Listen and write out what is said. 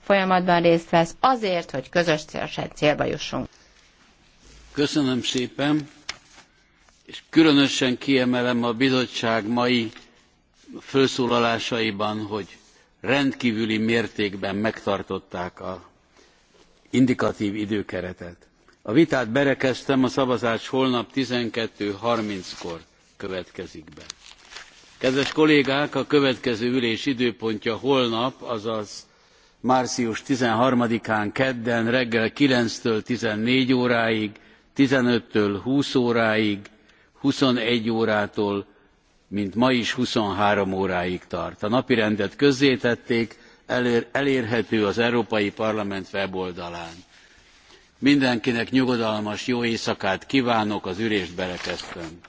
folyamatban részt vesz, azért, hogy közös célba jussunk. Köszönöm szépen, és különösen kiemelem a bizottság mai felszólalásaiban, hogy rendkívüli mértékben megtartották a indikatív időkeretet. A vitát berekeztem, a szavazás holnap 12.30-kor következik be. Kedves kollégák, a következő ülés időpontja holnap, azaz március 13-án kedden reggel 9-től 14 óráig, 15-től 20 óráig, 21 órától, mint ma is 23 óráig tart. A napirendet közzétették, elérhető az Európai Parlament weboldalán. Mindenkinek nyugodalmas jó éjszakát kívánok, az ülést belekezdtem.